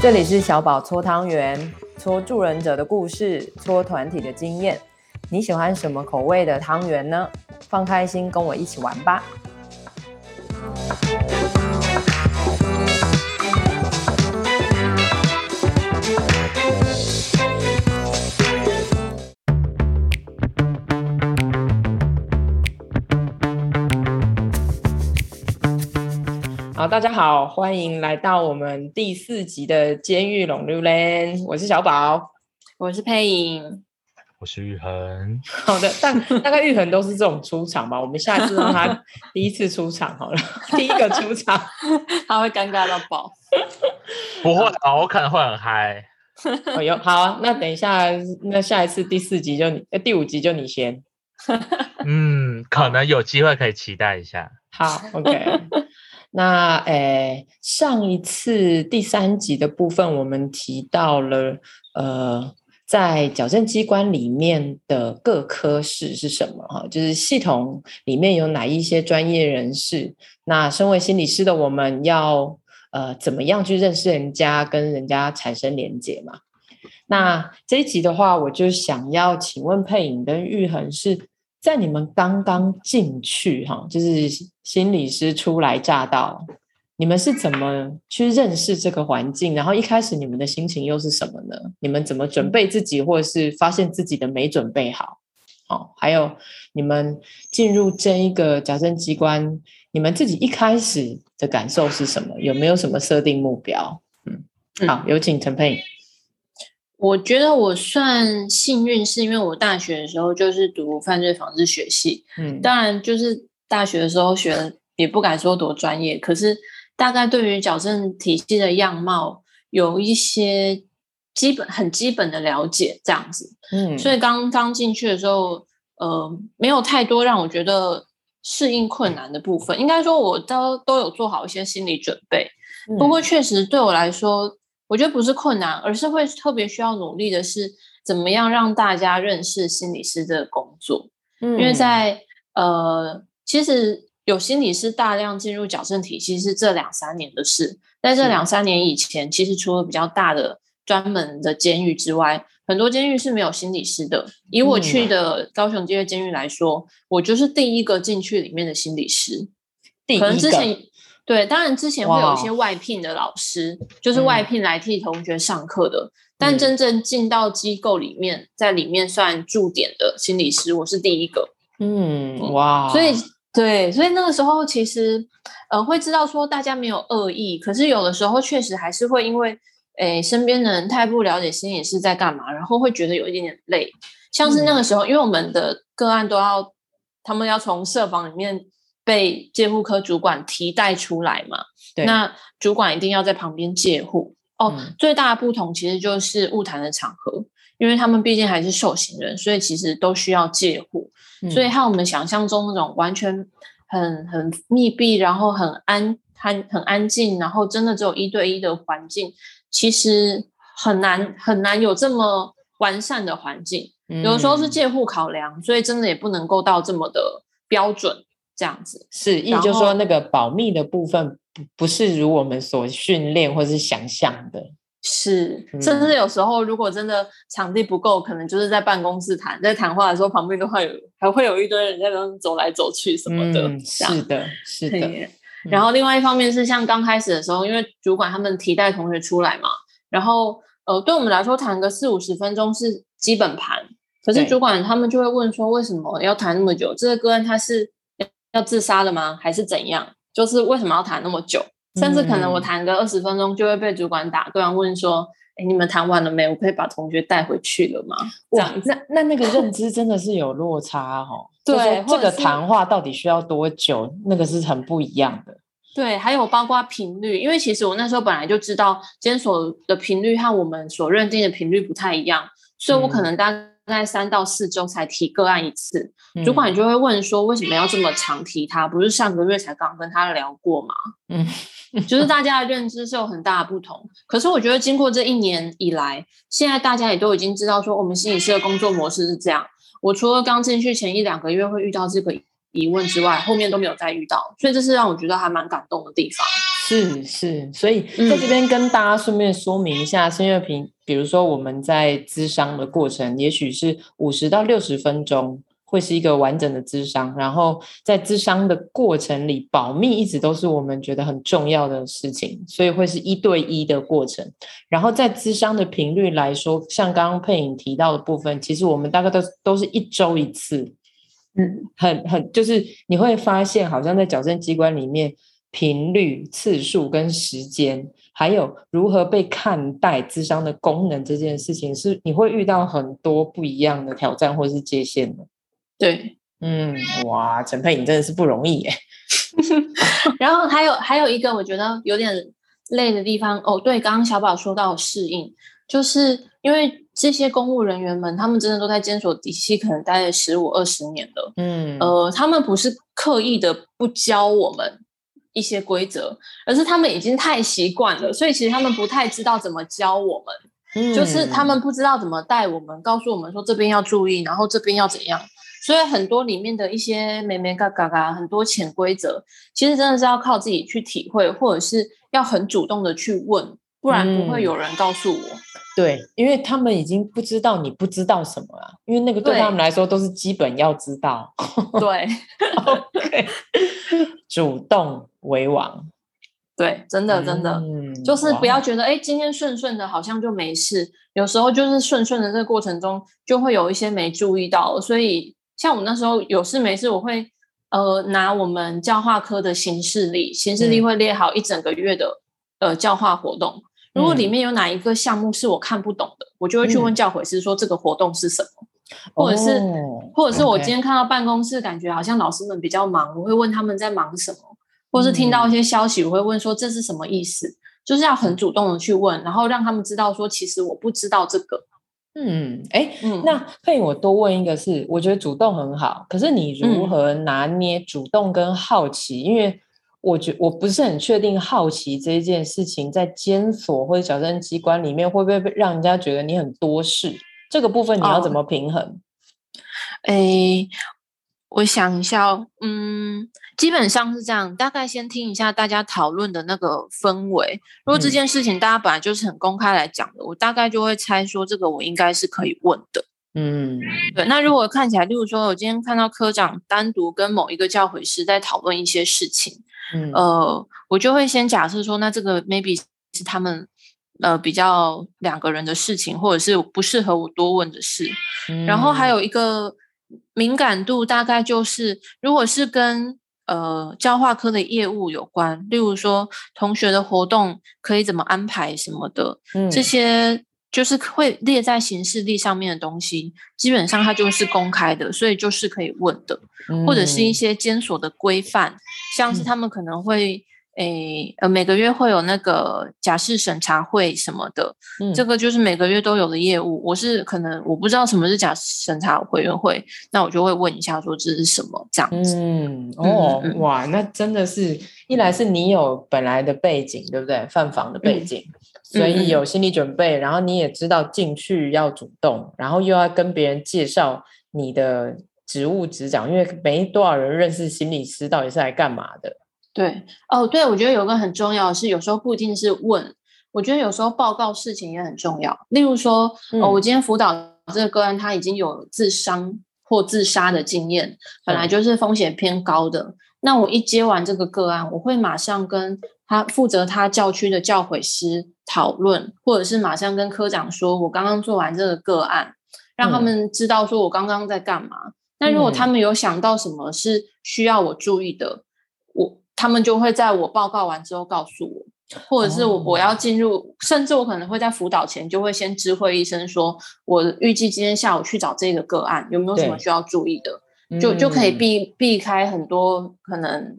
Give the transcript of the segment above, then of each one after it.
這裡是小寶搓湯圓、搓助人者的故事、搓團體的經驗。你喜歡什麼口味的湯圓呢？放開心，跟我一起玩吧。好，大家好，歡迎來到我們第四集的《監獄浪流漣》。我是小寶，我是佩瑩，我是玉恆。好的，但 大概玉恆都是這種出場吧。 我們下一次讓他第一次出場好了， 第一個出場 他會尷尬到爆。不 會好、哦、我可能會很嗨。哎、 哦、呦，好啊，那等一下，那下一次第四集就你，呃，第五集就你先。 嗯，可能有機會可以期待一下。好，OK。 那呃，上一次第三集的部分，我們提到了呃，在矯正機關裡面的各科室是什麼哈，就是系統裡面有哪一些專業人士。那身為心理師的，我們要呃怎麼樣去認識人家，跟人家產生連接嘛？那這一集的話，我就想要請問佩穎跟玉恆是。在你們剛剛進去哈、哦，就是心理師初來乍到，你們是怎麼去認識這個環境？然後一開始你們的心情又是什麼呢？你們怎麼準備自己，或者是發現自己的沒準備好？哦，還有你們進入這一個矯正機關，你們自己一開始的感受是什麼？有沒有什麼設定目標？嗯，好，有請陳佩。我覺得我算幸運，是因為我大學的時候就是讀犯罪防治學系，嗯，當然就是大學的時候學也不敢說多專業，可是大概對於矯正體系的樣貌有一些基本很基本的了解這樣子，嗯，所以剛剛進去的時候，呃，沒有太多讓我覺得適應困難的部分，嗯、應該說我都都有做好一些心理準備，嗯、不過確實對我來說。我覺得不是困難，而是會特別需要努力的是怎麼樣讓大家認識心理師這個工作。嗯，因為在呃，其實有心理師大量進入矯正體系是這兩三年的事。在這兩三年以前，嗯、其實除了比較大的專門的監獄之外，很多監獄是沒有心理師的。以我去的高雄這些監獄來說，嗯、我就是第一個進去裡面的心理師，第一可能之前。對，當然之前會有一些外聘的老師，哇就是外聘來替同學上課的。嗯、但真正進到機構裡面，在裡面算駐點的心理師，我是第一個。嗯，嗯哇，所以對，所以那個時候其實呃，會知道說大家沒有惡意，可是有的時候確實還是會因為誒、呃、身邊的人太不了解心理師在幹嘛，然後會覺得有一點點累。像是那個時候，嗯、因為我們的個案都要他們要從舍房裡面。被戒護科主管提帶出來嘛？對那主管一定要在旁邊戒護哦。Oh, 嗯、最大的不同其實就是晤談的場合，因為他們畢竟還是受刑人，所以其實都需要戒護。嗯、所以，像我們想象中那種完全很很密閉，然後很安很很安靜，然後真的只有一對一的環境，其實很難很難有這麼完善的環境。嗯、有的時候是戒護考量，所以真的也不能夠到這麼的標準。這樣子是，也後就是說那個保密的部分不不是如我們所訓練或者是想象的，是，嗯、甚至有時候如果真的場地不夠，可能就是在辦公室談，在談話的時候旁邊都會有還會有一堆人在那走來走去什麼的，嗯、樣是的，是的。 耶嗯、然後另外一方面是像剛開始的時候，因為主管他們提帶同學出來嘛，然後呃，對我們來說談個四五十分鐘是基本盤，可是主管他們就會問說為什麼要談那麼久？對這個個案他是。要自殺了嗎？還是怎樣？就是為什麼要談那麼久？甚至可能我談個二十分鐘就會被主管打斷，嗯、問說：“哎、欸，你們談完了沒有？我可以把同學帶回去了嗎？”那那那個認知真的是有落差哈、哦。 對，這個談話到底需要多久，那個是很不一樣的。對，還有包括頻率，因為其實我那時候本來就知道，監所的頻率和我們所認定的頻率不太一樣，所以我可能當、嗯。在三到四週才提個案一次，主管、嗯、就會問說，為什麼要這麼常提他？不是上個月才剛跟他聊過嗎？嗯， 就是大家的認知是有很大的不同。可是我覺得經過這一年以來，現在大家也都已經知道說我們心理師的工作模式是這樣。我除了剛進去前一兩個月會遇到這個疑問之外，後面都沒有再遇到，所以這是讓我覺得還蠻感動的地方。是是，所以、嗯、在這邊跟大家順便說明一下，孫月平。比如說，我們在諮商的過程，也許是五十到六十分鐘會是一個完整的諮商。然後在諮商的過程裡，保密一直都是我們覺得很重要的事情，所以會是一對一的過程。然後在諮商的頻率來說，像剛剛佩影提到的部分，其實我們大概都都是一周一次。嗯，很很就是你會發現，好像在矯正機關裡面。頻率、次數跟時間，還有如何被看待諮商的功能這件事情，是你會遇到很多不一樣的挑戰或是界限的。對，嗯，哇，陳佩穎真的是不容易耶。 然後還有還有一個我覺得有點累的地方哦，對，剛剛小寶說到適應，就是因為這些公務人員們，他們真的都在監所體系可能待了十五二十年了，嗯，呃，他們不是刻意的不教我們。一些規則，而是他們已經太習慣了，所以其實他們不太知道怎麼教我們，嗯、就是他們不知道怎麼帶我們，告訴我們說這邊要注意，然後這邊要怎樣，所以很多裡面的一些咩咩嘎嘎嘎，很多潛規則，其實真的是要靠自己去體會，或者是要很主動的去問，不然不會有人告訴我。嗯。對，因為他們已經不知道你不知道什麼了，因為那個對他們來說都是基本要知道。對，OK，主動為王。對，真的真的，嗯，就是不要覺得哎哇，今天順順的，好像就沒事。有時候就是順順的這個過程中，就會有一些沒注意到。所以像我那時候有事沒事，我會呃拿我們教化科的行事曆，行事曆會列好一整個月的、嗯、呃教化活動。如果裡面有哪一個項目是我看不懂的，我就會去問教誨師說，這個活動是什麼？嗯、或者是，oh, okay. 或者是我今天看到辦公室感覺好像老師們比較忙，我會問他們在忙什麼，或者是聽到一些消息，我會問說，這是什麼意思？嗯、就是要很主動的去問，然後讓他們知道說其實我不知道這個。嗯，哎、欸，嗯、那可以，我多問一個是，是我覺得主動很好，可是你如何拿捏主動跟好奇？因為、嗯。我覺我不是很確定，好奇這一件事情在監所或者矯正機關裡面會不會讓人家覺得你很多事？這個部分你要怎麼平衡？哎、哦欸，我想一下，哦，嗯，基本上是這樣。大概先聽一下大家討論的那個氛圍。如果這件事情大家本來就是很公開來講的，嗯、我大概就會猜說這個我應該是可以問的。嗯，對。那如果看起來，例如說，我今天看到科長單獨跟某一個教誨師在討論一些事情。嗯，呃，我就會先假設說，那這個 maybe 是他們，呃，比較兩個人的事情，或者是不適合我多問的事。嗯、然後還有一個敏感度，大概就是，如果是跟呃教化科的業務有關，例如說同學的活動可以怎麼安排什麼的，嗯、這些。就是會列在行事曆上面的東西，基本上它就是公開的，所以就是可以問的，嗯、或者是一些監所的規範，像是他們可能會誒、嗯欸、呃每個月會有那個假釋審查會什麼的，嗯、這個就是每個月都有的業務。我是可能我不知道什麼是假釋審查委員會，那我就會問一下說，這是什麼這樣子。嗯哦嗯哇，那真的是一來是你有本來的背景，嗯、對不對？犯防的背景。嗯所以有心理準備，嗯嗯然後你也知道進去要主動，然後又要跟別人介紹你的職務職掌，因為沒多少人認識心理師到底是來幹嘛的。對，哦，對，我覺得有個很重要的是，有時候不一定是問，我覺得有時候報告事情也很重要。例如說，嗯、哦，我今天輔導這個個案，他已經有自傷或自殺的經驗，嗯、本來就是風險偏高的。那我一接完這個個案，我會馬上跟他負責他教區的教誨師討論，或者是馬上跟科長說，我剛剛做完這個個案，讓他們知道說我剛剛在幹嘛。嗯、那如果他們有想到什麼是需要我注意的，嗯、我他們就會在我報告完之後告訴我，或者是我、哦、我要進入，甚至我可能會在輔導前就會先知會一聲，說我預計今天下午去找這個個案，有沒有什麼需要注意的？就就可以避避開很多可能，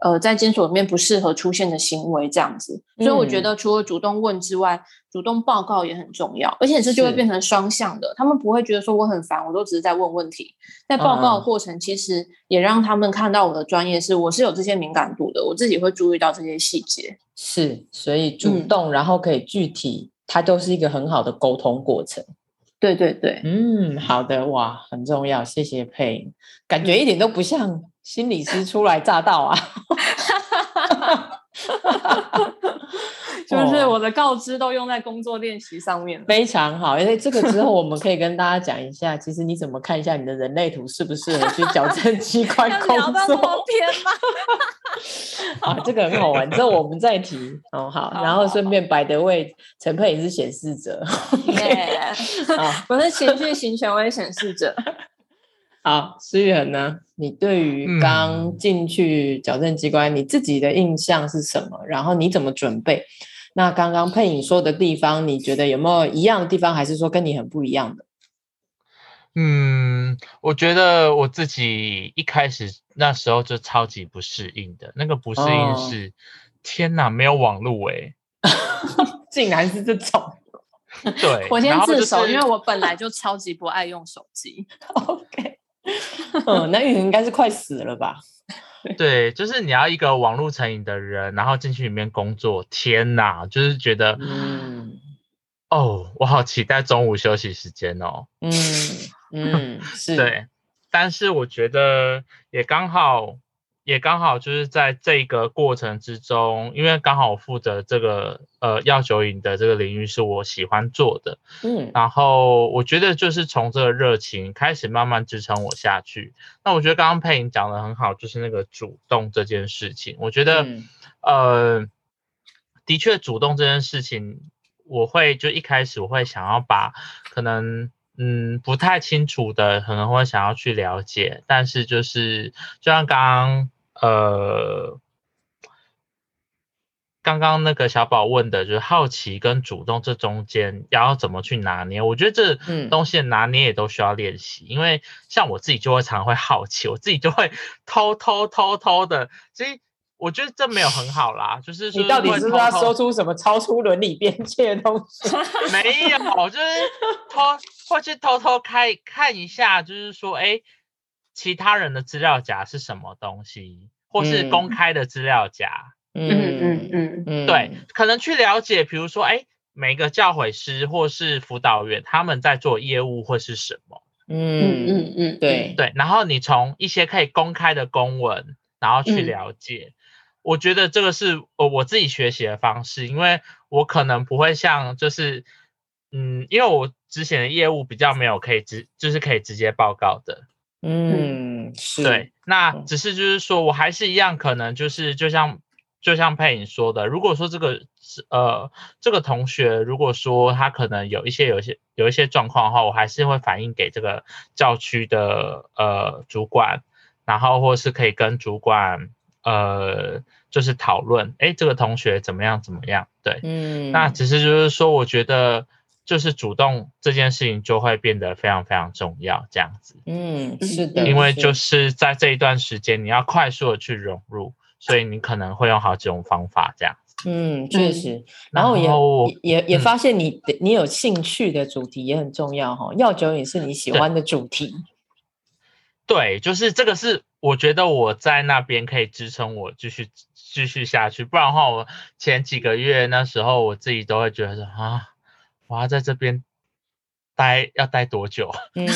呃，在監所裡面不適合出現的行為這樣子，所以我覺得除了主動問之外，嗯、主動報告也很重要，而且這就會變成雙向的，是他們不會覺得說我很煩，我都只是在問問題，在報告的過程其實也讓他們看到我的專業是，我是有這些敏感度的，我自己會注意到這些細節。是，所以主動、嗯、然後可以具體，它都是一個很好的溝通過程。對對對，嗯，好的，哇，很重要，謝謝佩，感覺一點都不像心理師初來乍到啊。 就是我的告知都用在工作練習上面，非常好。因為這個之後我們可以跟大家講一下，其實你怎麼看一下你的人類圖適不適合去矯正機關工作？要聊到這麼偏嗎？這個很好玩，之後我們再提。哦，好，然後順便 by the way，陳佩也是顯示者。好，我是情緒型權威顯示者。好，思遠呢？你對於剛進去矯正機關，你自己的印象是什麼？然後你怎麼準備？那剛剛佩穎說的地方，你覺得有沒有一樣的地方，還是說跟你很不一樣的？嗯，我覺得我自己一開始那時候就超級不適應的，那個不適應是，哦、天哪，沒有網路哎、欸， 竟然是這種。 對， 我先自首， 因為我本來就超級不愛用手機。 OK，、哦、那玉穎應該是快死了吧？ 對，就是你要一個網絡成癮的人，然後進去裡面工作，天哪，就是覺得，嗯、哦，我好期待中午休息時間哦。嗯嗯，是 對，但是我覺得也剛好。也剛好就是在這個過程之中，因為剛好我負責這個呃藥酒癮的這個領域是我喜歡做的，嗯，然後我覺得就是從這個熱情開始慢慢支撐我下去。那我覺得剛剛佩瑩講的很好，就是那個主動這件事情，我覺得、嗯、呃的確主動這件事情，我會就一開始我會想要把可能嗯不太清楚的可能會想要去了解，但是就是就像剛剛。嗯呃，剛剛那個小寶問的就是好奇跟主動這中間要怎麼去拿捏？我覺得這東西拿捏也都需要練習，嗯、因為像我自己就會常會好奇，我自己就會偷偷偷偷，偷的，所以我覺得這沒有很好啦。 就是，說是偷偷你到底是不是要說出什麼超出倫理邊界的東西？ 沒有，就是偷或是偷偷開看一下，就是說，哎。其他人的資料夾是什麼東西，或是公開的資料夾？嗯嗯嗯嗯，嗯嗯對，可能去了解，比如說，哎、欸，每個教誨師或是輔導員他們在做業務或是什麼？嗯嗯嗯對對。然後你從一些可以公開的公文，然後去了解。嗯、我覺得這個是我自己學習的方式，因為我可能不會像就是，嗯，因為我之前的業務比較沒有可以直就是可以直接報告的。嗯，是對，那只是就是說，我還是一樣，可能就是就像就像佩影說的，如果說這個呃這個同學如果說他可能有一些有些有一些狀況的話，我還是會反映給這個教區的呃主管，然後或是可以跟主管呃就是討論，哎、欸，這個同學怎麼樣怎麼樣，對，嗯，那只是就是說，我覺得。就是主動這件事情就會變得非常非常重要，這樣子。嗯，是的。因為就是在這一段時間，你要快速的去融入，所以你可能會用好幾種方法這樣子。嗯，確實。然後也也、嗯、也發現你你有興趣的主題也很重要哈，要、嗯、酒也是你喜歡的主題。對，就是這個是我覺得我在那邊可以支撐我繼續繼續下去，不然的話，我前幾個月那時候我自己都會覺得啊。我要在這邊待要待多久？嗯，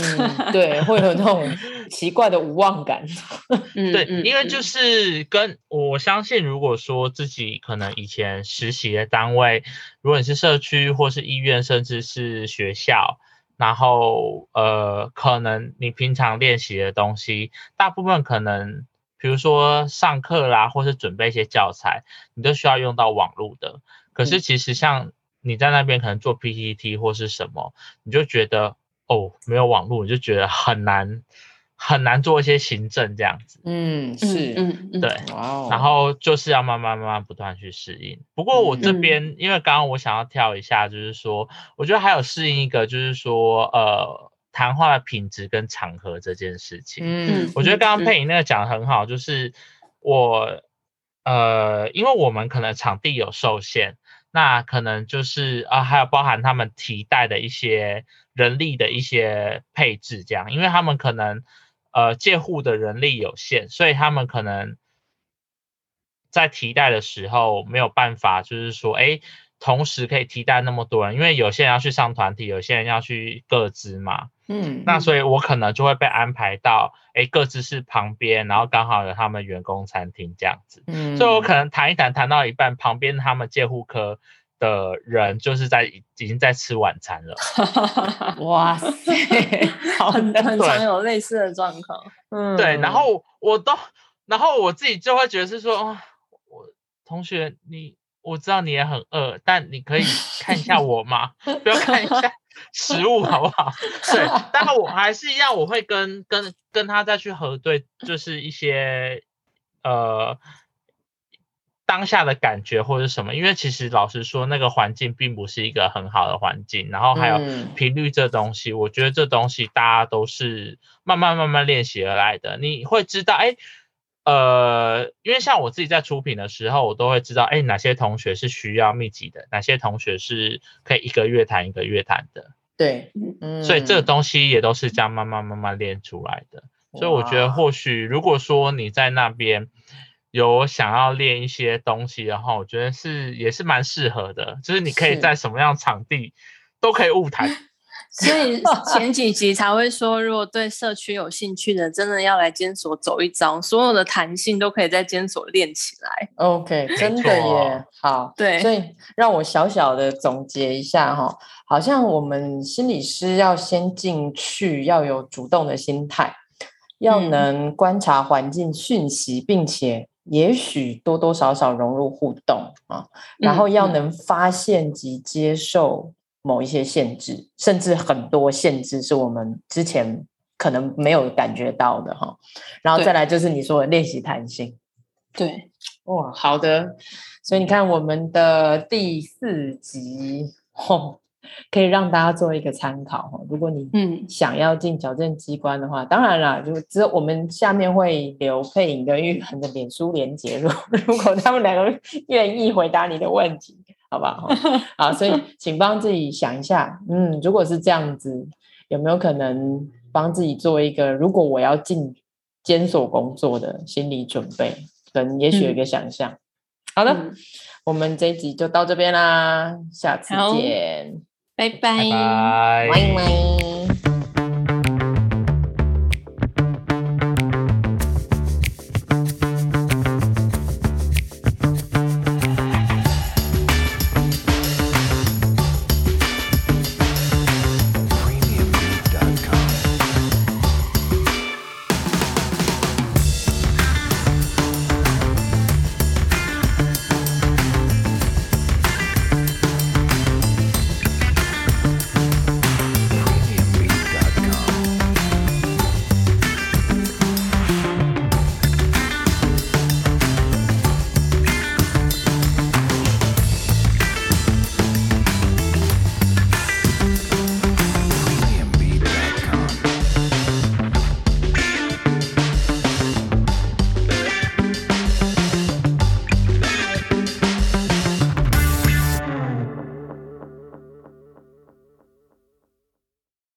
對，會有那種奇怪的無望感。 對，因為就是跟我相信，如果說自己可能以前實習的單位，如果你是社區或是醫院，甚至是學校，然後呃，可能你平常練習的東西，大部分可能比如說上課啦，或是準備一些教材，你都需要用到網絡的。可是其實像、嗯你在那邊可能做 PPT 或是什麼，你就覺得哦，沒有網絡，你就覺得很難很難做一些行政這樣子。嗯，是，嗯，嗯對，哦、然後就是要慢慢慢慢不斷去適應。不過我這邊、嗯、因為剛剛我想要跳一下，就是說、嗯、我覺得還有適應一個就是說呃談話的品質跟場合這件事情。嗯，嗯，我覺得剛剛佩瑩那個講的很好，是就是我呃因為我們可能場地有受限。那可能就是啊，還有包含他們提帶的一些人力的一些配置，這樣，因為他們可能，呃，戒護的人力有限，所以他們可能在提帶的時候沒有辦法，就是說，哎、欸。同時可以替代那麼多人，因為有些人要去上團體，有些人要去各自嘛，嗯，那所以我可能就會被安排到，欸、各自室旁邊，然後剛好有他們員工餐廳這樣子，嗯，所以我可能談一談談到一半，旁邊他們戒護科的人就是在已經在吃晚餐了，哇塞， 很好，很常有類似的狀況，嗯，對，然後我都，然後我自己就會覺得是說，哦、我同學你。我知道你也很餓，但你可以看一下我嗎？ 不要看一下食物好不好？ 對，但我還是一樣，我會跟跟跟他再去核對，就是一些呃當下的感覺或者什麼。因為其實老實說，那個環境並不是一個很好的環境。然後還有頻率這東西，嗯、我覺得這東西大家都是慢慢慢慢練習而來的。你會知道，哎、欸。呃，因為像我自己在出品的時候，我都會知道，哎、欸，哪些同學是需要密集的，哪些同學是可以一個月談一個月談的，對，嗯，所以這個東西也都是這樣慢慢慢慢練出來的。哇所以我覺得，或許如果說你在那邊有想要練一些東西的話，然後我覺得是也是蠻適合的，就是你可以在什麼樣場地都可以晤談。 所以前幾集才會說，如果對社區有興趣的，真的要來監所走一遭，所有的彈性都可以在監所練起來。OK，真的耶，哦、好，對。所以讓我小小的總結一下哈，好像我們心理師要先進去，要有主動的心態，要能觀察環境訊息，嗯、並且也許多多少少融入互動啊，然後要能發現及接受某一些限制，甚至很多限制是我們之前可能沒有感覺到的哈。然後再來就是你說的練習彈性，對，對哇，好的。所以，所以你看我們的第四集，吼，可以讓大家做一個參考哈。如果你嗯想要進矯正機關的話，嗯、當然了，就只有我們下面會留佩穎跟玉衡的臉書連結，如如果他們兩個願意回答你的問題。 好吧，好，所以請幫自己想一下，嗯，如果是這樣子，有沒有可能幫自己做一個，如果我要進監所工作的心理準備，可能也許有一個想象、嗯。好了，嗯，我們這一集就到這邊啦，下次見，拜，拜拜。Bye bye bye bye